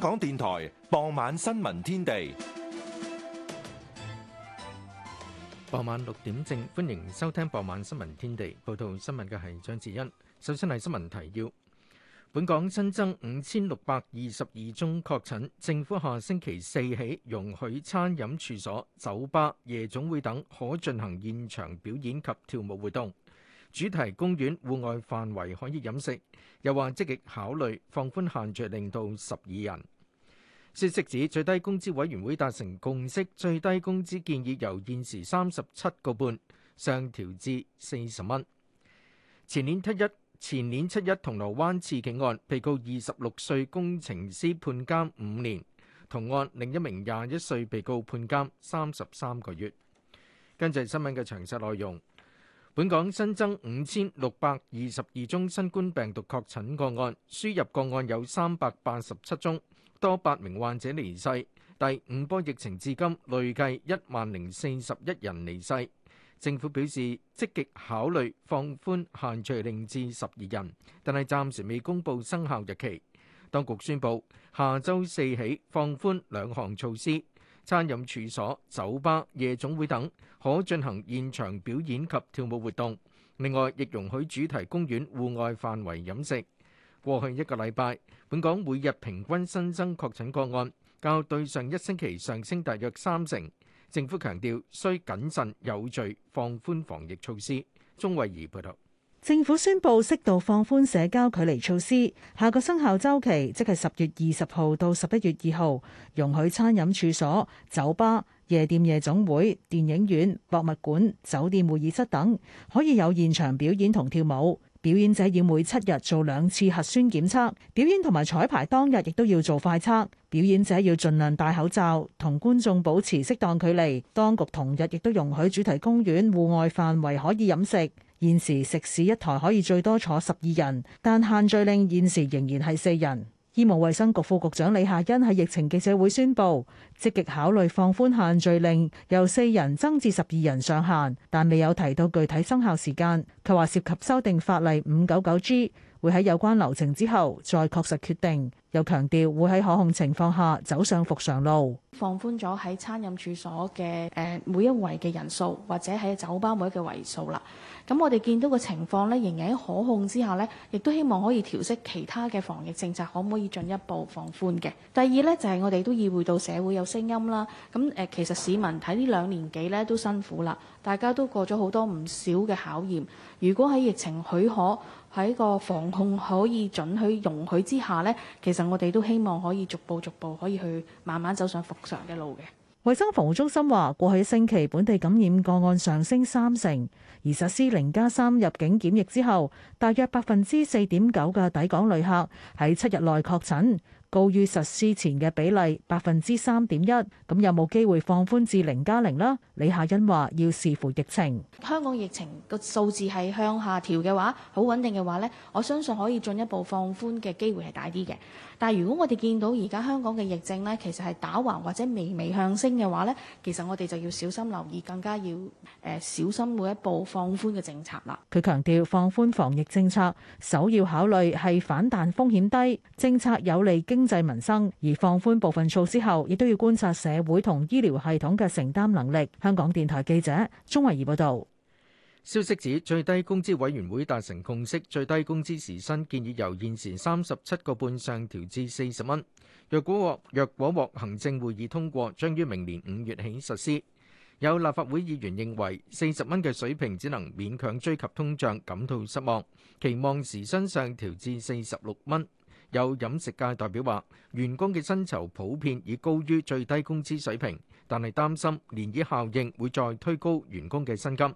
香港電台傍晚新聞天地，傍晚六點正歡迎收聽傍晚新聞天地。報道新聞嘅係張智恩。首先係新聞提要：本港新增五千六百二十二宗確診，政府下星期四起容許餐飲處所、酒吧、夜總會等可進行現場表演及跳舞活動。主題公園戶外範圍可以飲食，又話積極考慮放寬限聚令到十二人。消息指最低工資委員會達成共識，最低工資建議由現時三十七個半上調至四十蚊。前年七一前年七一銅鑼灣刺警案，被告二十六歲工程師判監五年，同案另一名廿一歲被告判監三十三個月。跟住係新聞嘅詳細內容。本港新增五千六百二十二宗新冠病毒確診個案，輸入個案有三百八十七宗，多八名患者離世。第五波疫情至今累計一萬零四十一人離世。政府表示積極考慮放寬限聚令至十二人，但係暫時未公布生效日期。當局宣布下週四起放寬兩項措施。餐飲處所、酒吧、夜總會等可進行現場表演及跳舞活動。另外，亦容許主題公園戶外範圍飲食。過去一個禮拜，本港每日平均新增確診個案較對上一星期上升大約三成。政府強調需謹慎有序放寬防疫措施。鍾慧儀報導。政府宣布適度放寬社交距離措施，下個生效周期即係十月二十號到十一月二號，容許餐飲處所、酒吧、夜店、夜總會、電影院、博物館、酒店會議室等可以有現場表演同跳舞。表演者要每七日做兩次核酸檢測，表演同埋彩排當日亦都要做快測。表演者要盡量戴口罩，同觀眾保持適當距離。當局同日亦都容許主題公園戶外範圍可以飲食。現時食肆一台可以最多坐十二人，但限聚令現時仍然係四人。醫務衛生局副局長李夏欣喺疫情記者會宣布，積極考慮放寬限聚令，由四人增至十二人上限，但未有提到具體生效時間。佢話涉及修訂法例五九九 G。會喺有關流程之後再確實決定，又強調會喺可控情況下走上復常路，放寬咗喺餐飲處所嘅誒每一圍嘅人數，或者喺酒吧每一個位數啦。咁我哋見到嘅情況咧，仍然喺可控之下呢，亦都希望可以調適其他嘅防疫政策，可唔可以進一步放寬嘅？第二呢，就係我哋都意會到社會有聲音啦，咁誒其實市民喺呢兩年幾呢都辛苦啦，大家都過咗好多唔少嘅考驗。如果喺疫情許可，喺個防控可以准許容許之下呢，其實我哋都希望可以逐步逐步可以去慢慢走上復常嘅路嘅。衞生防護中心話，過去一星期本地感染個案上升三成，而實施零加三入境檢疫之後，大約百分之四點九嘅抵港旅客喺七日內確診。高於實施前嘅比例百分之三點一，咁有冇機會放寬至零加零咧？0? 李夏欣話：要視乎疫情。香港疫情個數字係向下調嘅話，好穩定嘅話呢，我相信可以進一步放寬嘅機會係大啲嘅。但係如果我哋見到而家香港嘅疫症呢，其實係打橫或者微微向升嘅話呢，其實我哋就要小心留意，更加要誒小心每一步放寬嘅政策啦。佢強調放寬防疫政策，首要考慮係反彈風險低，政策有利經。經濟民生而放寬部分措施後，亦都要觀察社會同醫療系統嘅承擔能力。香港電台記者鍾慧儀報道。消息指最低工資委員會達成共識，最低工資時薪建議由現時三十七個半上調至四十蚊。若果獲若果獲行政會議通過，將於明年五月起實施。有立法會議員認為四十蚊嘅水平只能勉強追及通脹，感到失望，期望時薪上調至四十六蚊。有飲食界代表話，員工嘅薪酬普遍已高於最低工資水平，但係擔心漣漪效應會再推高員工嘅薪金。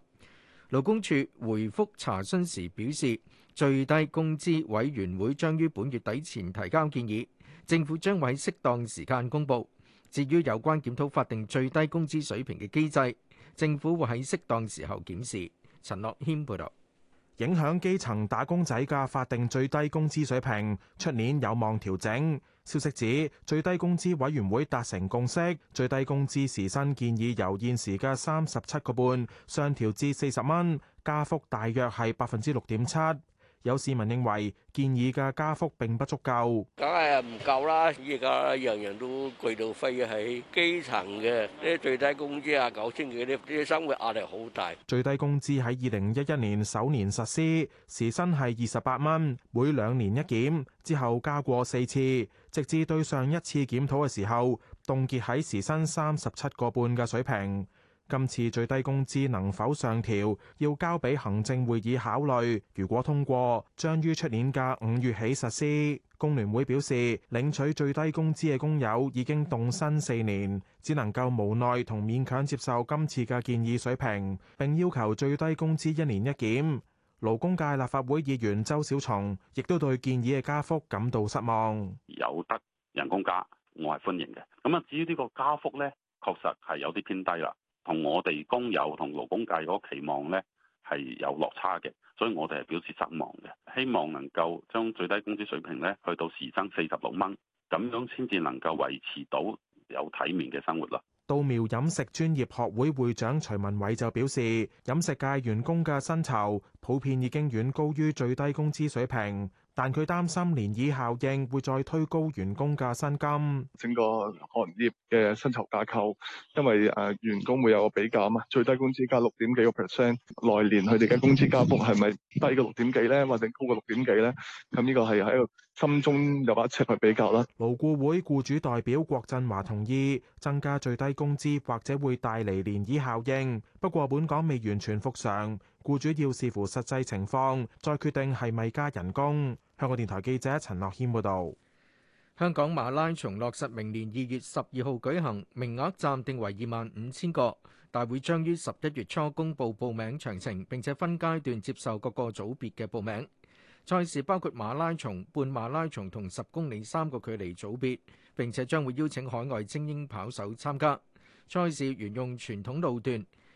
勞工處回覆查詢時表示，最低工資委員會將於本月底前提交建議，政府將會喺適當時間公佈。至於有關檢討法定最低工資水平嘅機制，政府會喺適當時候檢視。陳樂謙報道。影響基層打工仔嘅法定最低工資水平，出年有望調整。消息指，最低工資委員會達成共識，最低工資時薪建議由現時嘅三十七個半上調至四十蚊，加幅大約係百分之六點七。有市民認為建議嘅加幅並不足夠，梗係唔夠啦！依家樣樣都貴到飛起，基層嘅啲最低工資啊九千幾啲，啲生活壓力好大。最低工資喺二零一一年首年實施，時薪係二十八蚊，每兩年一檢，之後加過四次，直至對上一次檢討嘅時候，凍結喺時薪三十七個半嘅水平。今次最低工資能否上調，要交俾行政會議考慮。如果通過，將於出年嘅五月起實施。工聯會表示，領取最低工資嘅工友已經凍薪四年，只能夠無奈同勉強接受今次嘅建議水平。並要求最低工資一年一檢。勞工界立法會議員周小松亦都對建議嘅加幅感到失望。有得人工加，我係歡迎嘅。咁啊，至於呢個加幅咧，確實係有啲偏低啦。同我哋工友同勞工界嗰期望咧，係有落差嘅，所以我哋係表示失望嘅。希望能夠將最低工資水平咧去到時薪四十六蚊，咁樣先至能夠維持到有體面嘅生活啦。稻苗飲食專業學會會長徐文偉就表示，飲食界員工嘅薪酬普遍已經遠高於最低工資水平。但佢擔心漣漪效應會再推高員工嘅薪金，整個行業嘅薪酬架構。因為誒員工會有個比較啊，最低工資加六點幾個 percent，來年佢哋嘅工資加幅係咪低過六點幾咧，或者高過六點幾咧？咁呢個係喺個心中有把尺去比較啦。勞顧會僱主代表郭振華同意增加最低工資，或者會帶嚟漣漪效應，不過本港未完全復常。雇主要視乎實際情況，再決定係咪加人工。香港電台記者陳樂謙報道。香港馬拉松落實明年二月十二號舉行，名額暫定為二萬五千個。大會將於十一月初公布報名詳情，並且分階段接受各個組別嘅報名。賽事包括馬拉松、半馬拉松同十公里三個距離組別，並且將會邀請海外精英跑手參加。賽事沿用傳統路段。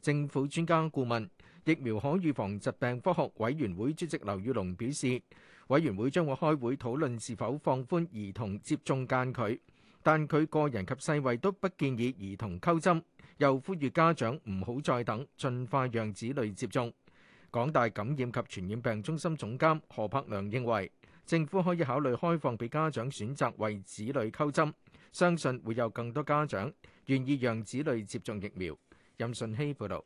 政府專家顧問、疫苗可預防疾病科學委員會主席劉宇龍表示，委員會將會開會討論是否放寬兒童接種間距，但佢個人及世衞都不建議兒童溝針，又呼籲家長唔好再等，盡快讓子女接種。港大感染及傳染病中心總監何柏良認為，政府可以考慮開放俾家長選擇為子女溝針，相信會有更多家長願意讓子女接種疫苗。任信希報道，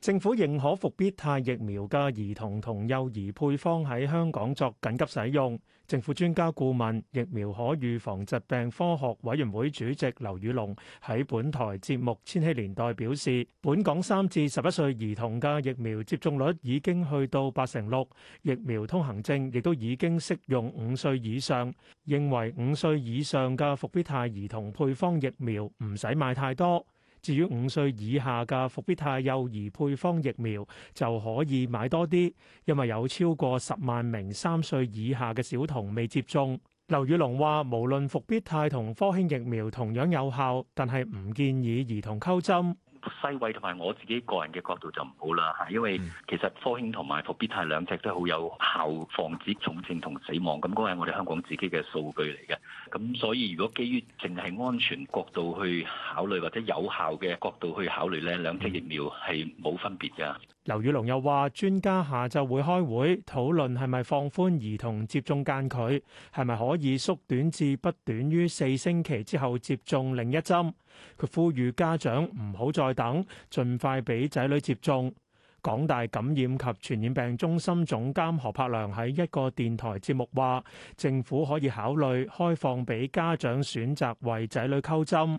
政府認可復必泰疫苗嘅兒童同幼兒配方喺香港作緊急使用。政府專家顧問、疫苗可預防疾病科學委員會主席劉宇龍喺本台節目《千禧年代》表示，本港三至十一歲兒童嘅疫苗接種率已經去到八成六，疫苗通行證亦都已經適用五歲以上。認為五歲以上嘅復必泰兒童配方疫苗唔使買太多。至於五歲以下嘅復必泰幼兒配方疫苗就可以買多啲，因為有超過十萬名三歲以下嘅小童未接種。劉宇龍話，無論復必泰同科興疫苗同樣有效，但係唔建議兒童溝針。西位同埋我自己個人嘅角度就唔好啦嚇，因為其實科興同埋復必泰兩隻都好有效防止重症同死亡，咁嗰個係我哋香港自己嘅數據嚟嘅。咁所以如果基於淨係安全角度去考慮，或者有效嘅角度去考慮咧，兩隻疫苗係冇分別㗎。劉宇龍又話：專家下晝會開會討論係咪放寬兒童接種間距，係咪可以縮短至不短於四星期之後接種另一針？佢呼籲家長唔好再等，盡快俾仔女接種。港大感染及傳染病中心總監何柏良喺一個電台節目話，政府可以考慮開放俾家長選擇為仔女溝針。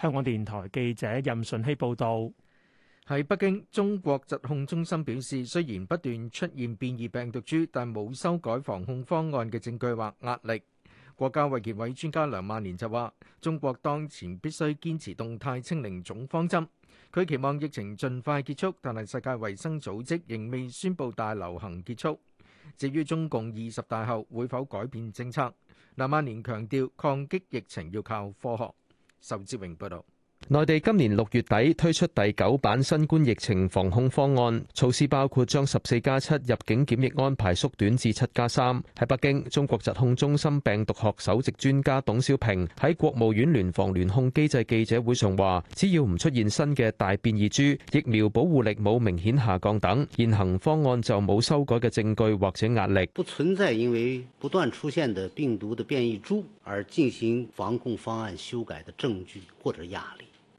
香港電台記者任順希報道。喺北京，中國疾控中心表示，雖然不斷出現變異病毒株，但冇修改防控方案嘅證據或壓力。國家衛健委專家梁萬年就話，中國當前必須堅持動態清零總方針。佢期望疫情盡快結束，但係世界衛生組織仍未宣布大流行結束。至於中共二十大後會否改變政策，梁萬年強調，抗擊疫情要靠科學。仇志榮報道。內地今年六月底推出第九版新冠疫情防控方案，措施包括將十四加七入境檢疫安排縮短至七加三。喺北京，中國疾控中心病毒學首席專家董小平喺國務院聯防聯控機制記者會上話，只要唔出現新嘅大變異株，疫苗保護力冇明顯下降等，現行方案就冇修改嘅證據或者壓力。不存在因為不斷出現的病毒的變異株而進行防控方案修改的證據或者壓力。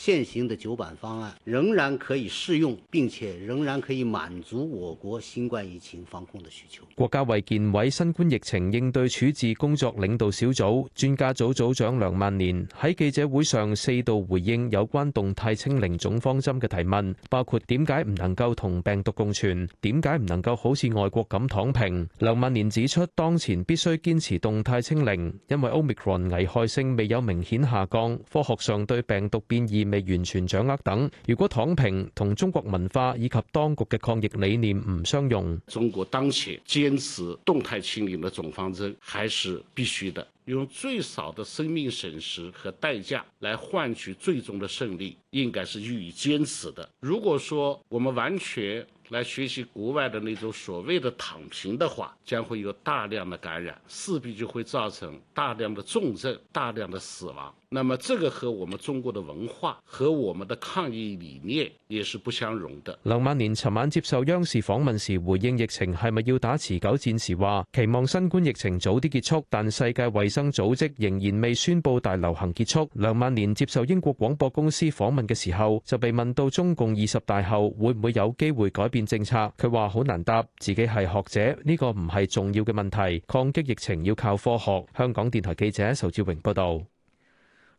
現行的九版方案仍然可以適用，並且仍然可以滿足我國新冠疫情防控的需求。國家衛健委新冠疫情應對處置工作領導小組專家組組長梁萬年喺記者會上四度回應有關動態清零總方針嘅提問，包括點解唔能夠同病毒共存，點解唔能夠好似外國咁躺平。梁萬年指出，當前必須堅持動態清零，因為 Omicron 危害性未有明顯下降，科學上對病毒變異。未完全掌握等，如果躺平同中國文化以及當局嘅抗疫理念唔相容，中國當前堅持動態清零的總方針還是必須的，用最少的生命損失和代價來換取最終的勝利，應該是予以堅持的。如果說我們完全來學習國外的那種所謂的躺平的話，將會有大量的感染，勢必就會造成大量的重症、大量的死亡。那麼這個和我們中國的文化和我們的抗疫理念也是不相容的。梁萬年尋晚接受央視訪問時回應疫情係咪要打持久戰時話：期望新冠疫情早啲結束，但世界衛生組織仍然未宣布大流行結束。梁萬年接受英國廣播公司訪問嘅時候就被問到中共二十大後會唔會有機會改變政策，佢話好難答，自己係學者，呢個唔係重要嘅問題，抗擊疫情要靠科學。香港電台記者仇志榮報道。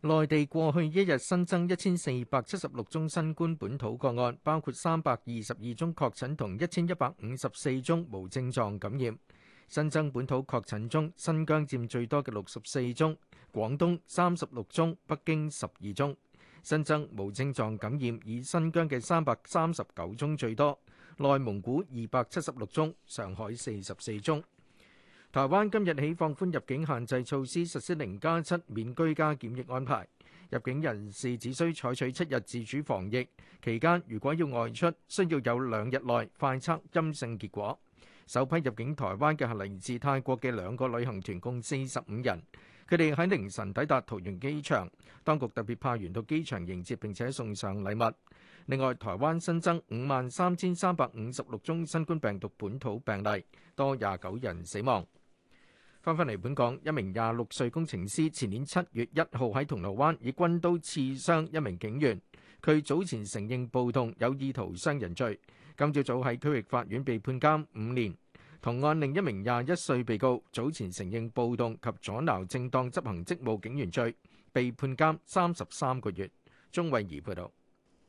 內地過去一日新增一千四百七十六宗新冠本土個案，包括三百二十二宗確診同一千一百五十四宗無症狀感染。新增本土確診中，新疆佔最多嘅六十四宗，廣東三十六宗，北京十二宗。新增無症狀感染以新疆嘅三百三十九宗最多，內蒙古二百七十六宗，上海四十四宗。台灣今日起放寬入境限制措施，實施零加七免居家檢疫安排。入境人士只需採取七日自主防疫，期間如果要外出，需要有兩日內快測陰性結果。首批入境台灣嘅係嚟自泰國嘅兩個旅行團，共四十五人。佢哋喺凌晨抵達桃園機場，當局特別派員到機場迎接並且送上禮物。另外，台灣新增五萬三千三百五十六宗新冠病毒本土病例，多廿九人死亡。翻返嚟，本港，一名廿六歲工程師前年七月一號喺銅鑼灣以軍刀刺傷一名警員，佢早前承認暴動有意圖傷人罪，今朝早喺區域法院被判監五年。同案另一名廿一歲被告早前承認暴動及阻撓正當執行職務警員罪，被判監三十三個月。鍾慧儀報道。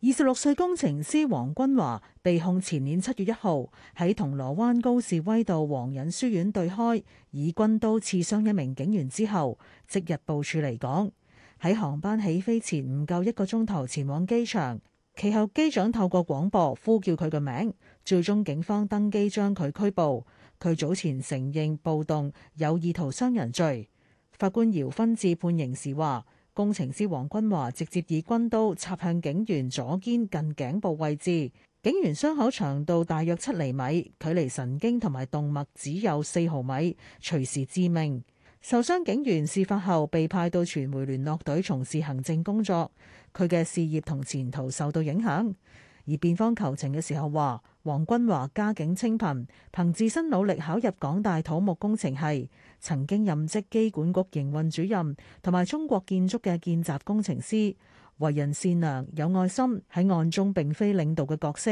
二十六歲工程師黃君華被控前年七月一號喺銅鑼灣高士威道皇仁書院對開，以軍刀刺傷一名警員之後，即日部署離港。喺航班起飛前唔夠一個鐘頭前往機場，其後機長透過廣播呼叫佢個名，最終警方登機將佢拘捕。佢早前承認暴動有意圖傷人罪。法官姚勳智判刑時話。工程師黃君華直接以軍刀插向警員左肩近頸部位置，警員傷口長度大約七厘米，距離神經同埋動脈只有四毫米，隨時致命。受傷警員事發後被派到傳媒聯絡隊從事行政工作，佢嘅事業同前途受到影響。而辯方求情嘅時候話：黃君華家境清貧，憑自身努力考入港大土木工程系，曾經任職機管局營運主任同埋中國建築嘅見習工程師，為人善良有愛心，喺案中並非領導嘅角色。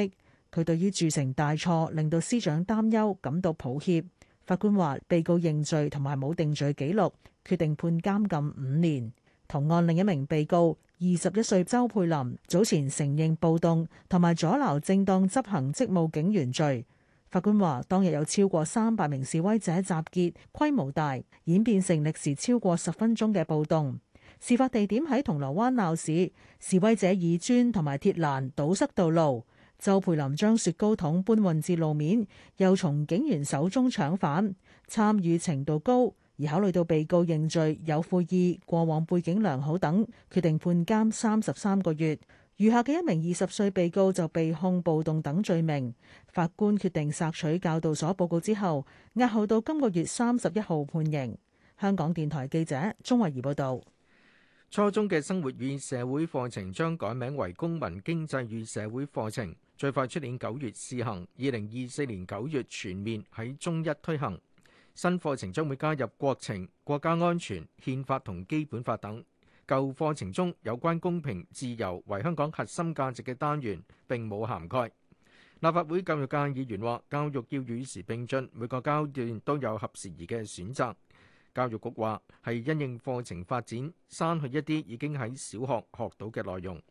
佢對於鑄成大錯令到司長擔憂感到抱歉。法官話：被告認罪同埋冇定罪記錄，決定判監禁五年。同案另一名被告二十一歲周佩林早前承認暴動同埋阻撓正當執行職務警員罪。法官話，當日有超過三百名示威者集結，規模大，演變成歷時超過十分鐘嘅暴動。事發地點喺銅鑼灣鬧市，示威者以磚同埋鐵欄堵塞道路。周佩林將雪糕桶搬運至路面，又從警員手中搶返，參與程度高。而考慮到被告認罪、有悔意、過往背景良好等，決定判監三十三個月。餘下嘅一名二十歲被告就被控暴動等罪名，法官決定索取教導所報告之後，押後到今個月三十一號判刑。香港電台記者鍾慧儀報導。初中嘅生活與社會課程將改名為公民、經濟與社會課程，最快出年九月試行，二零二四年九月全面喺中一推行。新課程將會加入國情、國家安全、憲法同基本法等。舊課程中有關公平、自由為香港核心價值嘅單元並冇涵蓋。立法會教育界議員話：教育要與時並進，每個階段都有合時宜嘅選擇。教育局話係因應課程發展刪去一啲已經喺小學學到嘅內容。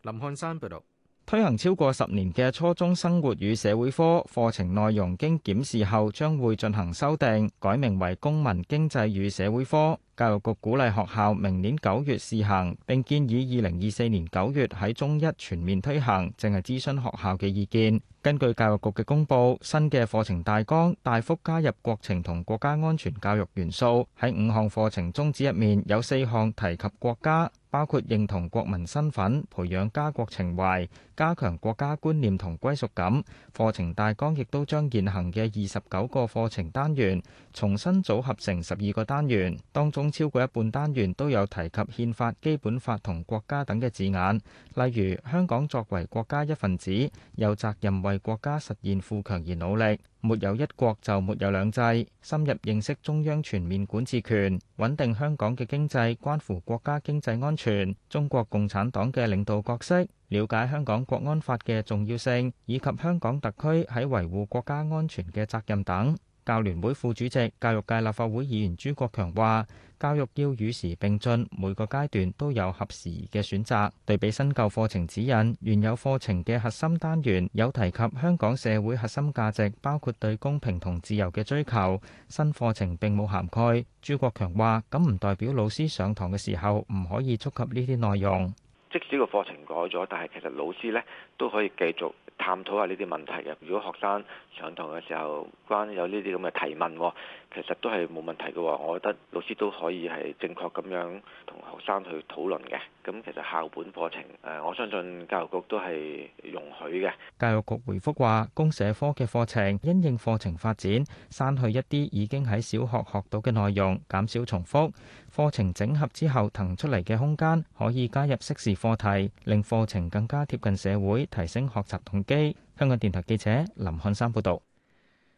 林漢山報導。推行超過十年嘅初中生活與社會科課程內容，經檢視後將會進行修訂，改名為公民、經濟與社會科。教育局鼓勵學校明年九月試行，並建議二零二四年九月喺中一全面推行，淨係諮詢學校嘅意見。根據教育局嘅公布，新嘅課程大綱大幅加入國情同國家安全教育元素，喺五項課程宗旨入面有四項提及國家，包括認同國民身份、培養家國情懷、加強國家觀念同歸屬感。課程大綱亦都將現行嘅二十九個課程單元，重新組合成十二個單元，當中超過一半單元都有提及憲法、基本法同國家等嘅字眼。例如，香港作為國家一份子，有責任為國家實現富強而努力。沒有一國就沒有兩制。深入認識中央全面管治權，穩定香港嘅經濟，關乎國家經濟安全。中國共產黨嘅領導角色，了解香港國安法嘅重要性，以及香港特區喺維護國家安全嘅責任等。教聯會副主席、教育界立法會議員朱國強話：教育要與時並進，每個階段都有合時嘅選擇。對比新舊課程指引，原有課程嘅核心單元有提及香港社會核心價值，包括對公平同自由嘅追求。新課程並冇涵蓋。朱國強話：咁唔代表老師上堂嘅時候唔可以觸及呢啲內容。即使個課程改咗，但係其實老師呢都可以繼續探討下呢啲問題嘅，如果學生上堂嘅時候，關於有呢啲咁嘅提問。其實都係冇問題嘅，我覺得老師都可以係正確咁樣同學生去討論嘅。咁其實校本課程，誒，我相信教育局都係容許嘅。教育局回覆話，公社科嘅課程因應課程發展，刪去一啲已經喺小學學到嘅內容，減少重複。課程整合之後騰出嚟嘅空間，可以加入適時課題，令課程更加貼近社會，提升學習動機。香港電台記者林漢山報導。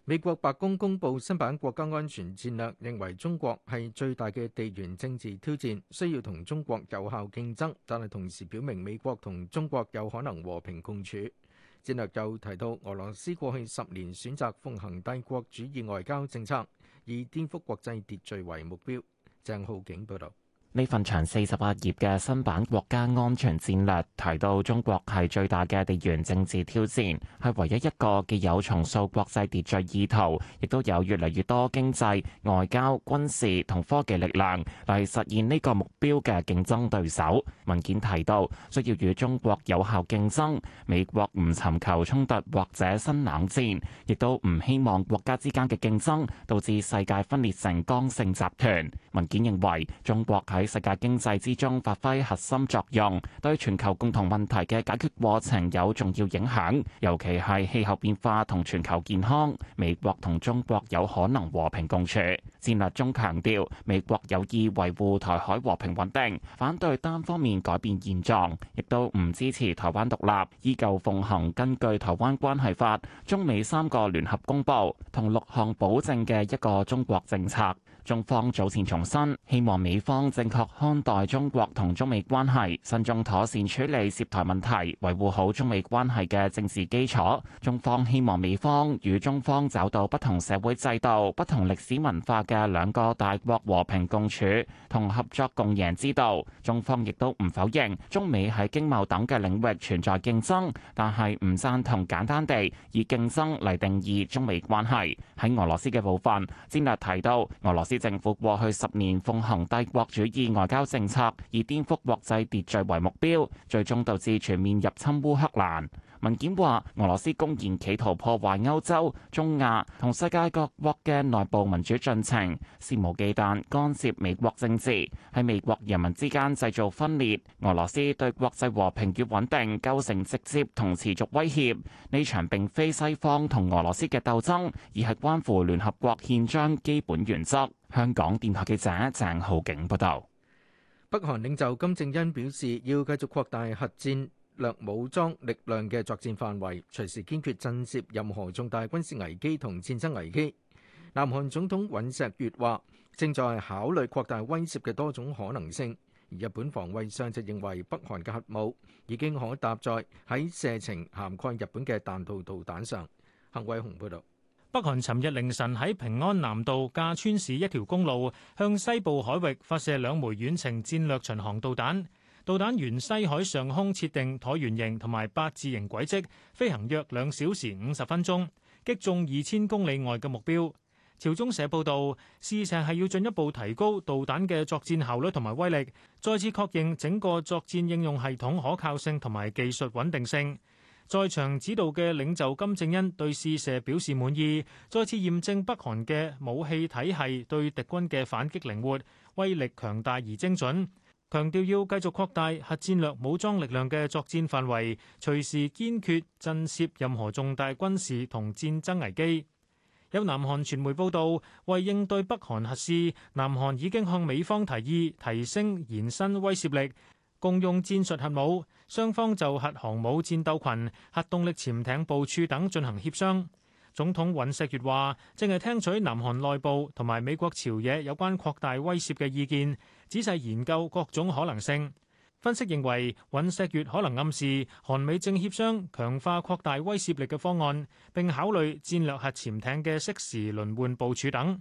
美國白宮公布新版國家安，安全戰略，認為中國係最大嘅地緣政治挑戰，需要同中國有效競爭，但係同時表明美國同中國有可能和平共處。戰略又提到俄羅斯過去十年選擇奉行帝國主義外交政策，以顛覆國際秩序為目標。鄭浩景報道。呢份長四十八頁嘅新版國家安全戰略提到，中國係最大嘅地緣政治挑戰，係唯一一個既有重塑國際秩序意圖，亦都有越嚟越多經濟、外交、軍事同科技力量嚟實現呢個目標嘅競爭對手。文件提到，需要與中國有效競爭，美國唔尋求衝突或者新冷戰，亦都唔希望國家之間嘅競爭導致世界分裂成剛性集團。文件認為中國係喺世界經濟之中發揮核心作用，對全球共同問題嘅解決過程有重要影響，尤其係氣候變化同全球健康。美國同中國有可能和平共處。戰略中強調，美國有意維護台海和平穩定，反對單方面改變現狀，亦都唔支持台灣獨立，依舊奉行根據《台灣關係法》、中美三個聯合公佈同六項保證嘅一個中國政策。中方早前重申，希望美方正確看待中國同中美關係，慎重妥善處理涉台問題，維護好中美關係嘅政治基礎，中方希望美方與中方找到不同社會制度、不同歷史文化嘅兩個大國和平共處同合作共贏之道。中方亦都唔否認中美喺經貿等嘅領域存在競爭，但係唔贊同簡單地以競爭嚟定義中美關係。喺俄羅斯嘅部分，戰略提到俄羅斯政府過去十年奉行帝國主義外交政策，以顛覆國際秩序為目標，最終導致全面入侵烏克蘭。文件話，俄羅斯公然企圖破壞歐洲、中亞同世界各國嘅內部民主進程，肆無忌憚干涉美國政治，喺美國人民之間製造分裂。俄羅斯對國際和平與穩定構成直接同持續威脅。呢場並非西方同俄羅斯嘅鬥爭，而係關乎聯合國憲章基本原則。香港電台記者鄭浩景報道，北韓領袖金正恩表示要繼續擴大核戰略武裝力量嘅作戰範圍，隨時堅決震懾任何重大軍事危機同戰爭危機。南韓總統尹錫悅話正在考慮擴大威懾嘅多種可能性。而日本防衛相就認為北韓嘅核武已經可搭載喺射程涵蓋日本嘅彈道導彈上。幸偉雄報道。北韓尋日凌晨喺平安南道駕川市一條公路向西部海域發射兩枚遠程戰略巡航導彈，導彈沿西海上空設定橢圓形同埋八字形軌跡飛行約兩小時五十分鐘，擊中二千公里外嘅目標。朝中社報道，試射係要進一步提高導彈嘅作戰效率同埋威力，再次確認整個作戰應用系統可靠性同埋技術穩定性。在場指導嘅領袖金正恩對試射表示滿意，再次驗證北韓嘅武器體系對敵軍嘅反擊靈活、威力強大而精準，強調要繼續擴大核戰略武裝力量嘅作戰範圍，隨時堅決震懾任何重大軍事同戰爭危機。有南韓傳媒報道，為應對北韓核試，南韓已經向美方提議提升延伸威懾力。共用戰術核武，雙方就核航母戰鬥群、核動力潛艇部署等進行協商。總統尹錫悅話，正係聽取南韓內部同埋美國朝野有關擴大威懾嘅意見，仔細研究各種可能性。分析認為，尹錫悅可能暗示韓美正協商強化擴大威懾力嘅方案，並考慮戰略核潛艇嘅適時輪換部署等。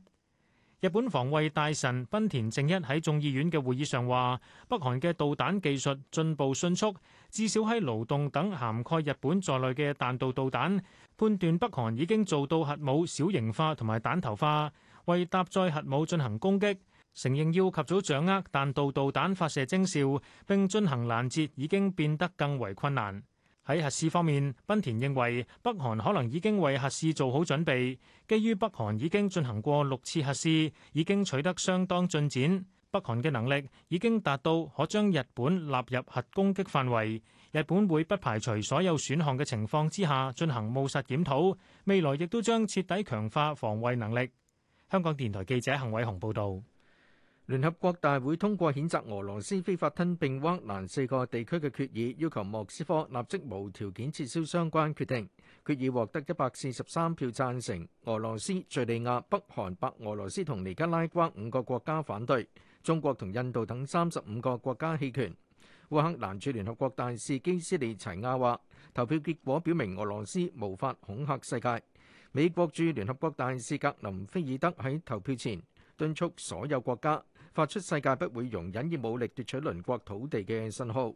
日本防衛大臣濱田正一喺眾議院嘅會議上話，北韓嘅導彈技術進步迅速，至少喺勞動等涵蓋日本在內嘅彈道導彈，判斷北韓已經做到核武小型化同埋彈頭化，為搭載核武進行攻擊，承認要及早掌握彈道導彈發射徵兆並進行攔截已經變得更為困難。喺核試方面，濱田認為北韓可能已經為核試做好準備。基於北韓已經進行過六次核試，已經取得相當進展。北韓嘅能力已經達到可將日本納入核攻擊範圍。日本會不排除所有選項嘅情況之下進行務實檢討，未來亦都將徹底強化防衛能力。香港電台記者陳偉雄報道。聯合國大會通過譴責俄羅斯非法吞併烏克蘭四個地區嘅決議，要求莫斯科立即無條件撤銷相關決定。決議獲得一百四十三票贊成，俄羅斯、敘利亞、北韓、白俄羅斯同尼加拉瓜五個國家反對，中國同印度等三十五個國家棄權。烏克蘭駐聯合國大使基斯利齊亞話，投票結果表明俄羅斯無法恐嚇世界。美國駐聯合國大使格林菲爾德喺投票前敦促所有國家發出世界不會容忍以武力奪取鄰國土地嘅信號。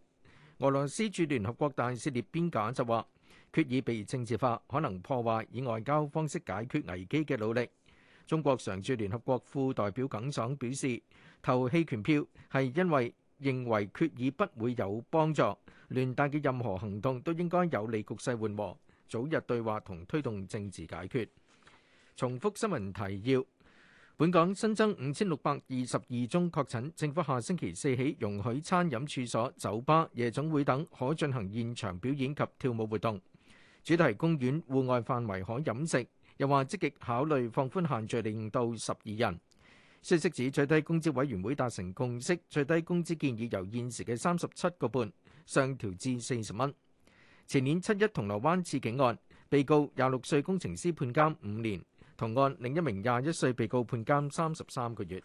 俄羅斯駐聯合國大使列邊卡就話：決議被政治化，可能破壞以外交方式解決危機嘅努力。中國常駐聯合國副代表耿爽表示：投棄權票係因為認為決議不會有幫助。聯大嘅任何行動都應該有利局勢緩和、早日對話同推動政治解決。重複新聞提要。本港新增五千六百二十二宗確診，政府下星期四起容許餐飲處所、酒吧、夜總會等可進行現場表演及跳舞活動。主題公園戶外範圍可飲食。又話積極考慮放寬限聚令到十二人。消息指最低工資委員會達成共識，最低工資建議由現時嘅三十七個半上調至四十蚊。前年七一銅鑼灣刺警案，被告廿六歲工程師判監五年。同案另一名廿一歲被告判監三十三個月。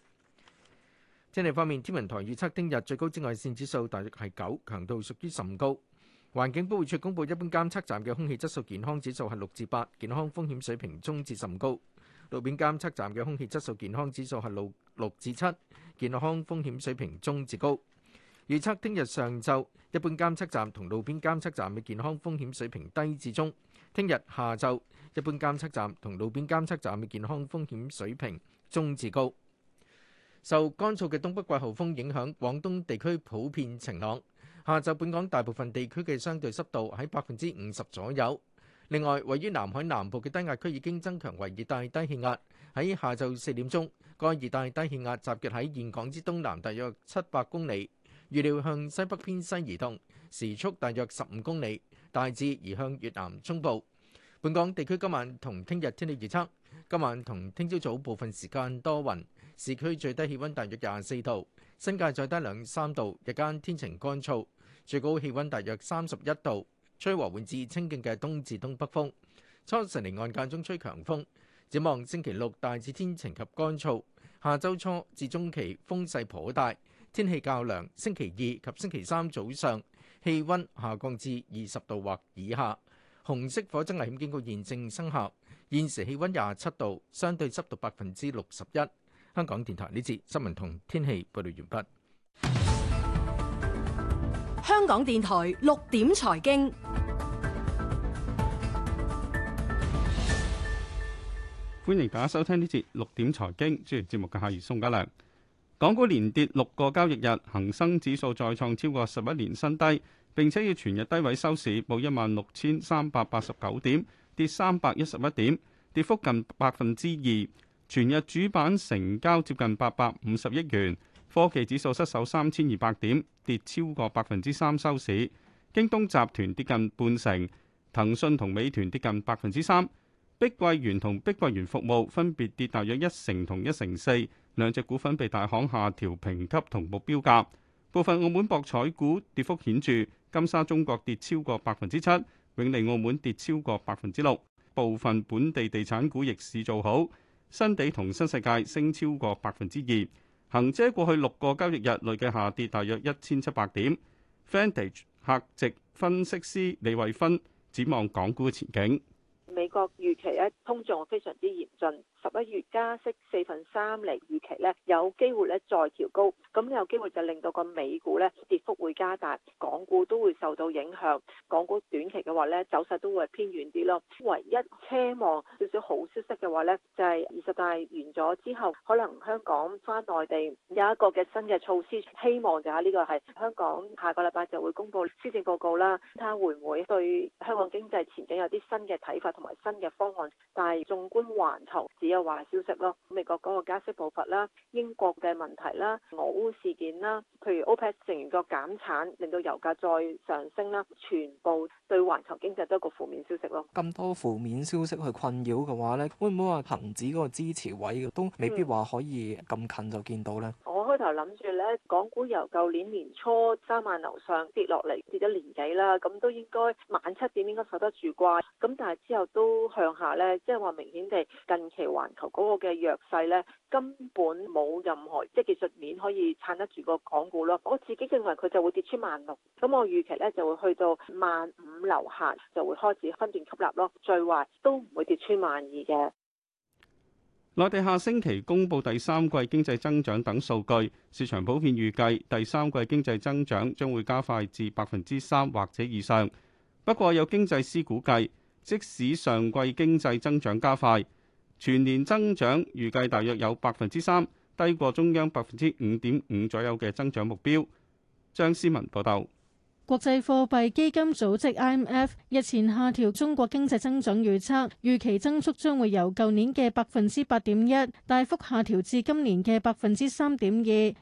天氣方面，天文台預測聽日最高紫外線指數大約係九，強度屬於甚高。環境保護署公布一般監測站嘅空氣質素健康指數係六至八，8，健康風險水平中至甚高。路邊監測站嘅空氣質素健康指數係六六至七，7，健康風險水平中至高。預測聽日上晝，一般監測站同路邊監測站嘅健康風險水平低至中。聽日下晝，一般監測站同路邊監測站嘅健康風險水平中至高。受乾燥嘅東北季候風影響，廣東地區普遍晴朗。下晝本港大部分地區嘅相對濕度喺百分之五十左右。另外，位於南海南部嘅低壓區已經增強為熱帶低氣壓。喺下晝四點鐘，該熱帶低氣壓集結喺現港之東南，大約七百公里。預料向西北偏西移動，時速大約十五公里。大致移向越南中部。本港地區今晚同聽日天氣預測，今晚同聽朝早部分時間多雲，市區最低氣温大約廿四度，新界再低兩三度。日間天晴乾燥，最高氣温大約三十一度，吹和緩至清勁嘅東至東北風。初晨沿岸間中吹強風。展望星期六大致天晴及乾燥，下周初至中期風勢頗大，天氣較涼。星期二及星期三早上。氣溫下降至二十度或以下，紅色火災危險警告現正生效。現時氣溫廿七度，相對濕度百分之六十一。香港電台呢節新聞同天氣報道完畢。香港電台六點財經，歡迎大家收聽呢節六點財經。主持節目嘅係宋家良。港股連跌六個交易日，恒生指數再創超過十一年新低，並且以全日低位收市，報一萬六千三百八十九點，跌三百一十一點，跌幅近百分之二。全日主板成交接近八百五十億元。科技指數失守三千二百點，跌超過百分之三收市。京東集團跌近半成，騰訊同美團跌近百分之三，碧桂園同碧桂園服務分別跌大約一成同一成四。兩隻股份被大行下調評級同目標價，部分澳門博彩股跌幅顯著，金沙中國跌超過百分之七，永利澳門跌超過百分之六。部分本地地產股逆市做好，新地同新世界升超過百分之二。恒指過去六個交易日累計下跌大約一千七百點。Vantage 客席分析師李慧芬展望港股嘅前景。美國預期咧通脹非常之嚴峻。十一月加息四分三厘預期咧有機會咧再調高，咁有機會就令到個美股咧跌幅會加大，港股都會受到影響，港股短期嘅話咧走勢都會偏軟啲咯。唯一奢望有少少好消息嘅話咧，就係二十大完咗之後，可能香港翻內地有一個嘅新嘅措施，希望就嚇呢個係香港下個禮拜就會公布施政報告啦，睇下會唔會對香港經濟前景有啲新嘅睇法同埋新嘅方案。但係縱觀環球有壞消息咯，美國嗰個加息步伐啦，英國嘅問題啦，俄烏事件啦，譬如 OPEC 成員國減產令到油價再上升啦，全部對環球經濟都係一個負面消息咯。咁多負面消息去困擾嘅話咧，會唔會話恒指嗰個支持位都未必話可以咁近就見到咧？嗯、我開頭諗住咧，港股由舊年年初三萬樓上跌落嚟，跌咗年幾啦，咁都應該晚七點應該受得住啩？咁但係之後都向下咧，即係話明顯地近期環球嗰個嘅弱勢咧，根本冇任何即技術面可以撐得住個港股咯。我自己認為佢就會跌穿萬六，咁我預期咧就會去到萬五樓下，就會開始分段吸納咯。最壞都唔會跌穿萬二嘅。內地下星期公布第三季經濟增長等數據，市場普遍預計第三季經濟增長將會加快至百分之三或者以上。不過有經濟師估計，即使上季經濟增長加快，全年增長預計大約有百分之三，低過中央百分之五點五左右嘅增長目標。張思文報道，國際貨幣基金組織 IMF 日前下調中國經濟增長預測，預期增速將會由舊年嘅百分之八點一大幅下調至今年嘅百分之三點二。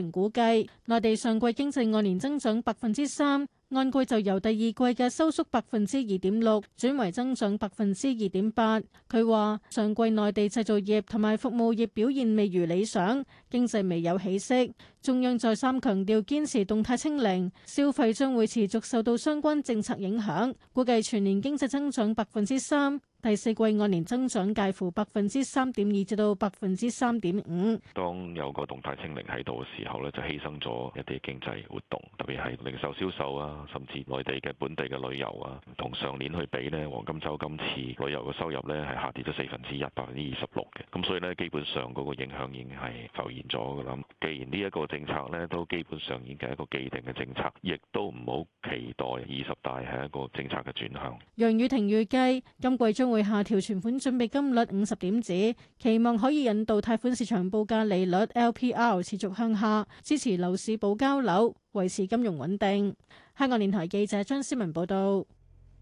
評估計內地上季經濟按年增長百分之三。按季就由第二季嘅收縮百分之二點六轉為增長百分之二點八。佢話上季內地製造業同埋服務業表現未如理想，經濟未有起色。中央再三強調堅持動態清零，消費將會持續受到相關政策影響，估計全年經濟增長百分之三，第四季按年增長介乎百分之三點二至到百分之三點五。當有個動態清零喺度嘅時候咧，就犧牲咗一啲經濟活動，特別係零售銷售啊。甚至內地嘅本地嘅旅遊啊，同上年去比呢，黃金周今次旅遊嘅收入呢係下跌咗四分之一，百分之二十六嘅。咁所以呢，基本上嗰個影響已經係浮現咗噶啦。既然呢一個，既一個政策呢都基本上已經係一個既定嘅政策，亦都唔好期待二十大係一個政策嘅轉向。楊雨婷預計今季將會下調存款準備金率五十點子，期望可以引導貸款市場報價利率 LPR 持續向下，支持樓市保交樓，維持金融穩定。香港電台記者張思文報道：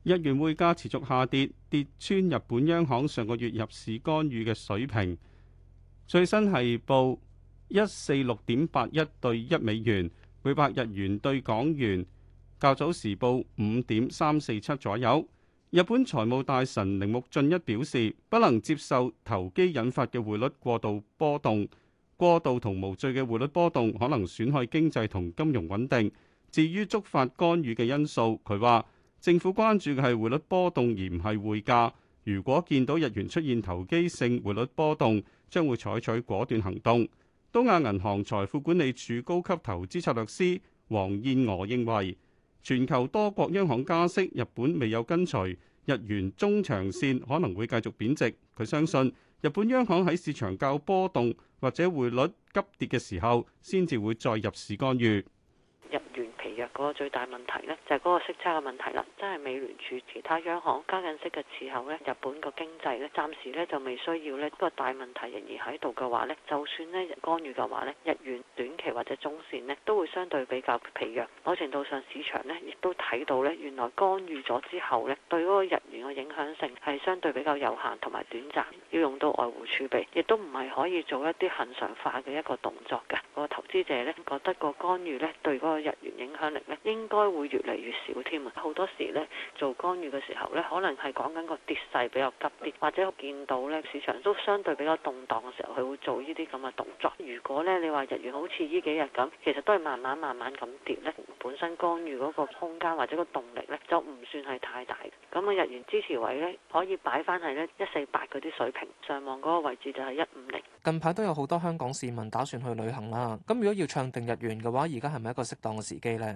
日元匯價持續下跌，跌穿日本央行上個月入市干預嘅水平。最新係報一四六點八一兌一美元，每百日元兌港元，較早時報五點三四七左右。日本財務大臣鈴木俊一表示，不能接受投機引發嘅匯率過度波動，過度同無序嘅匯率波動可能損害經濟同金融穩定。至於觸發干預嘅因素，佢話政府關注嘅係匯率波動，而唔係匯價。如果見到日元出現投機性匯率波動，將會採取果斷行動。東亞銀行財富管理處高級投資策略師黃燕娥認為，全球多國央行加息，日本未有跟隨，日元中長線可能會繼續貶值。佢相信日本央行喺市場較波動或者匯率急跌嘅時候，先至會再入市干預。弱嗰個最大問題呢，就係、是、嗰個息差嘅問題啦。真係美聯儲其他央行加緊息嘅時候呢，日本個經濟呢，暫時呢就未需要呢、嗰個大問題仍然喺度嘅話呢，就算呢干預嘅話呢，日元短期或者中線呢都會相對比較疲弱。某程度上市場呢亦都睇到呢，原來干預咗之後呢，對嗰個日元嘅影響性係相對比較有限同埋短暫，要用到外匯儲備，亦都唔係可以做一啲恒常化嘅一個動作嘅。嗰個投資者呢覺得個干預呢對嗰個日元影響。應該會越嚟越少添啊！好多時咧做干預嘅時候咧，可能係講緊個跌勢比較急啲，或者見到咧市場都相對比較動盪嘅時候，佢會做呢啲咁嘅動作。如果咧你話日元好似呢幾日咁，其實都係慢慢慢慢咁跌咧，本身干預嗰個空間或者個動力咧，就唔算係太大嘅。咁啊，日元支持位咧可以擺翻係咧一四八嗰啲水平，上網嗰個位置就係一五零。近排都有好多香港市民打算去旅行啦。咁如果要唱定日元嘅話，而家係咪一個適當嘅時機咧？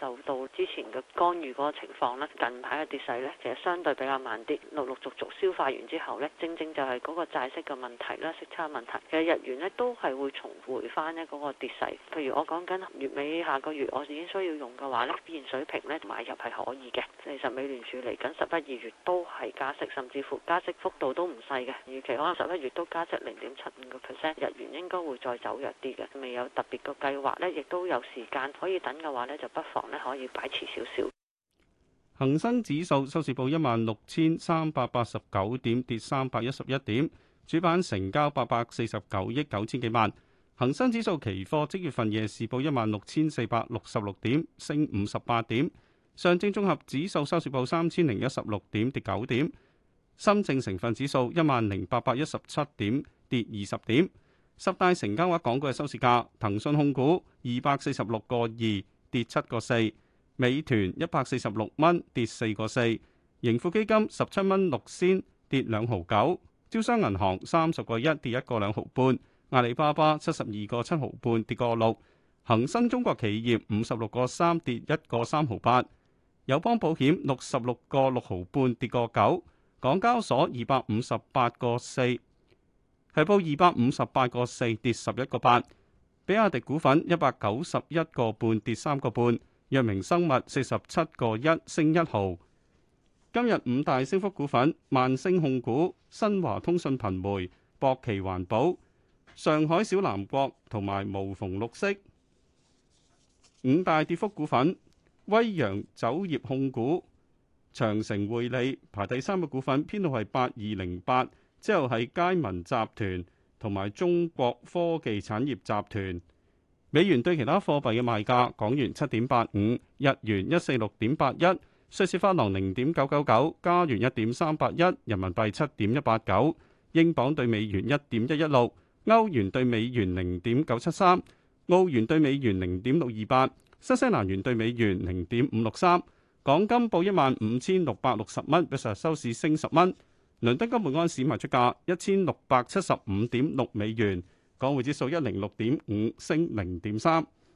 就到之前嘅干預嗰個情況咧，近排嘅跌勢咧，其實相對比較慢啲，陸陸續續消化完之後咧，正正就係嗰個債息嘅問題啦，息差問題，其實日元咧都係會重回翻咧個跌勢，譬如我講緊月尾下個月我已經需要用嘅話咧，現水平咧買入係可以嘅。其實美聯儲嚟緊十一二月都係加息，甚至乎加息幅度都唔細嘅。預期可能十一月都加息零點七五個 percent，日元應該會再走弱啲嘅。未有特別嘅計劃咧，亦都有時間可以等嘅話咧，就不妨。可以擺遲少少。恒生指數收市報一萬六千三百八十九點，跌三百一十一點。主板成交八百四十九億九千幾萬。恒生指數期貨即月份夜市報一萬六千四百六十六點，升五十八點。上證綜合指數收市報三千零一十六點，跌九點。深證成分指數一萬零八百一十七點，跌二十點。十大成交額港股嘅收市價，騰訊控股二百四十六個二。跌七個四，美團一百四十六蚊跌四個四，盈富基金十七蚊六仙跌兩毫九，招商銀行三十個一跌一個兩毫半，阿里巴巴七十二個七毫半跌個六，恒生中國企業五十六個三跌一個三毫八，友邦保險六十六個六毫半跌個九，港交所二百五十八個四，係報二百五十八個四跌十一個八。比亞迪股份一百九十一個半跌三個半，藥明生物四十七個一升一毫。今日五大升幅股份：萬星控股、新華通訊頻媒、博奇環保、上海小南國同埋無縫綠色。五大跌幅股份：威揚酒業控股、長城匯利排第三個股份，編號係八二零八，之後係佳文集團。同埋中國科技產業集團。美元對其他貨幣嘅賣價：港元七點八五，日元一四六點八一，瑞士法郎零點九九九，加元一點三八一，人民幣七點一八九，英鎊對美元一點一一六，歐元對美元零點九七三，澳元對美元零點六二八，新西蘭元對美元零點五六三。港金報一萬五千六百六十蚊，比上日收市升十蚊。倫敦金每盎司賣出價一千六百七十五點六美元，港匯指數一零六點五，升零點三。